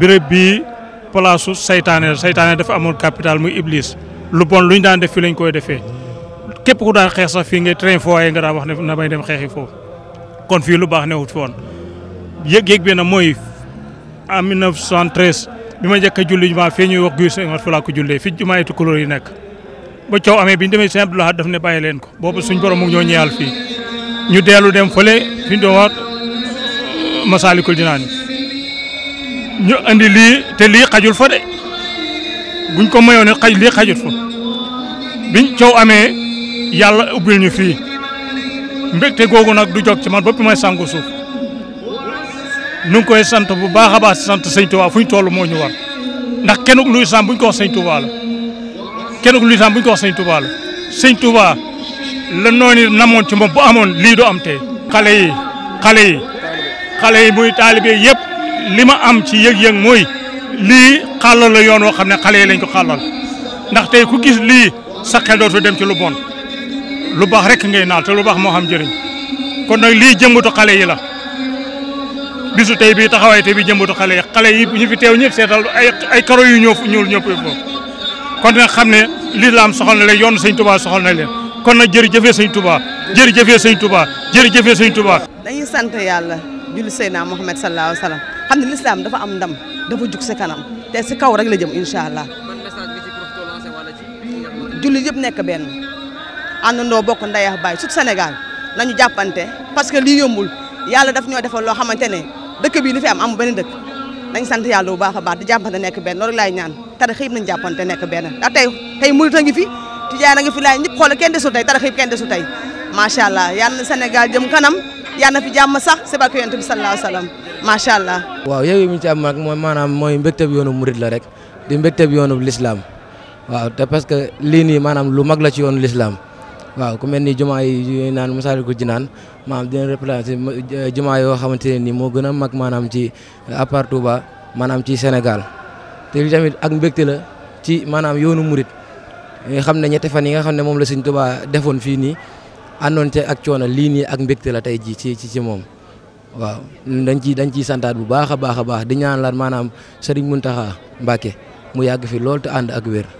bëreb bi palaasu saytane saytane dafa amul capital muy iblis lu bon luñ daan def fi lañ koy defé képp ku daan xex sax fi nga train ay nga daan wax ne na may dem xexi fo kon fi lu baax ne wut fon yeg yeg bi na moy en 1913 bima ma julli juma fi ñuy wax guiss ko fi juma itu couleur yi ba ciow amé bi ñu demee Sëñ daf ne baye len ko bobu suñ borom mu ñoo ñeeyal fi ñu délu dem fële fi do wax ñu andi lii te lii xajul fa de buñ ko mayoon xaj lii xajul fa biñ coow amee yàlla ubbil ñu fii mbégte googu nag du jog ci man bopp may sangu suuf nu ngi koy sant bu baax a baax sant sëñ Tuubaa fu ñu toll moo ñu ndax kenn ku luy sàmm bu ko wax sëñ Tuubaa kenn ku luy sàmm bu ko wax sëñ Tuubaa la sëñ Tuubaa la namoon ci moom bu amoon lii du am tey. xale yi xale yi xale yi muy taalibe yépp li ma am ci yëg-yëg mooy lii xàllal la yoon woo xam ne xale yi lañ ko xàllal ndax tey ku gis lii sa dootu dem ci lu bon lu baax rek ngay naat te lu baax moo xam njëriñ kon nag lii jëmbatu xale yi la bisu tey bii taxawaay tey bi jëmbatu xale yi xale yi ñu fi teew ñëpp seetal ay ay karo yu ñëw ñuul ñëpp kon nag xam ne lii la am soxal na leen yoon sëñ Touba soxal na leen kon nag jërëjëfee sëñ Touba jërëjëfee sëñ Touba jërëjëfee sëñ Touba. dañuy sant yàlla julli Seydina Muhammad sallallahu alayhi wa sallam xamni l'islam dafa am ndam dafa juk si kanam té ci kaw rek la jëm inshallah allah. message bi ci to lancé wala ci. julli yëp nek ben andando bokk ndeyax bay sut Sénégal nañu jappanté parce que li yombul yalla daf ñoo defal lo xamante dëkk bi li fi am amu benn dëkk nañ sant yalla bu baaxa baax di jappanté nek ben lor lay ñaan tarixa yëpp nañ jappanté nek ben da tay tay murit a ngi fi tijaan ngi fi lay ñep xol kenn desul tey tarixa yëpp kenn desul tey macha allah yàlla Sénégal jëm kanam yaa na fi jàmm sax si barke yonent bi sallallahu alayhi wa sallam macha allah. waaw yow yi mu ci am mooy maanaam mooy mbégteeb yoonu murid la rek di mbégteeb yoonu lislaam waaw te parce que lii nii maanaam lu mag la ci yoonu lislaam waaw ku mel ni jumaa yi naan naan Masaalikul Jinaan maanaam dina représenté eh, jumaa yoo xamante ne nii moo gën a mag maanaam ci à part Touba maanaam ci Sénégal te li tamit ak mbégte la ci maanaam yoonu murit nga eh, xam ne ñetti fan yi nga xam ne moom la Sëñ Touba defoon fii nii àndoon te ak coono lii nii ak mbégte la tey jii ci ci ci moom waaw dañ ciy dañ ciy santaat bu baax a baax a baax di ñaan laat maanaam Serigne Mountakha Mbacké mu yàgg fi lool te ànd ak wér.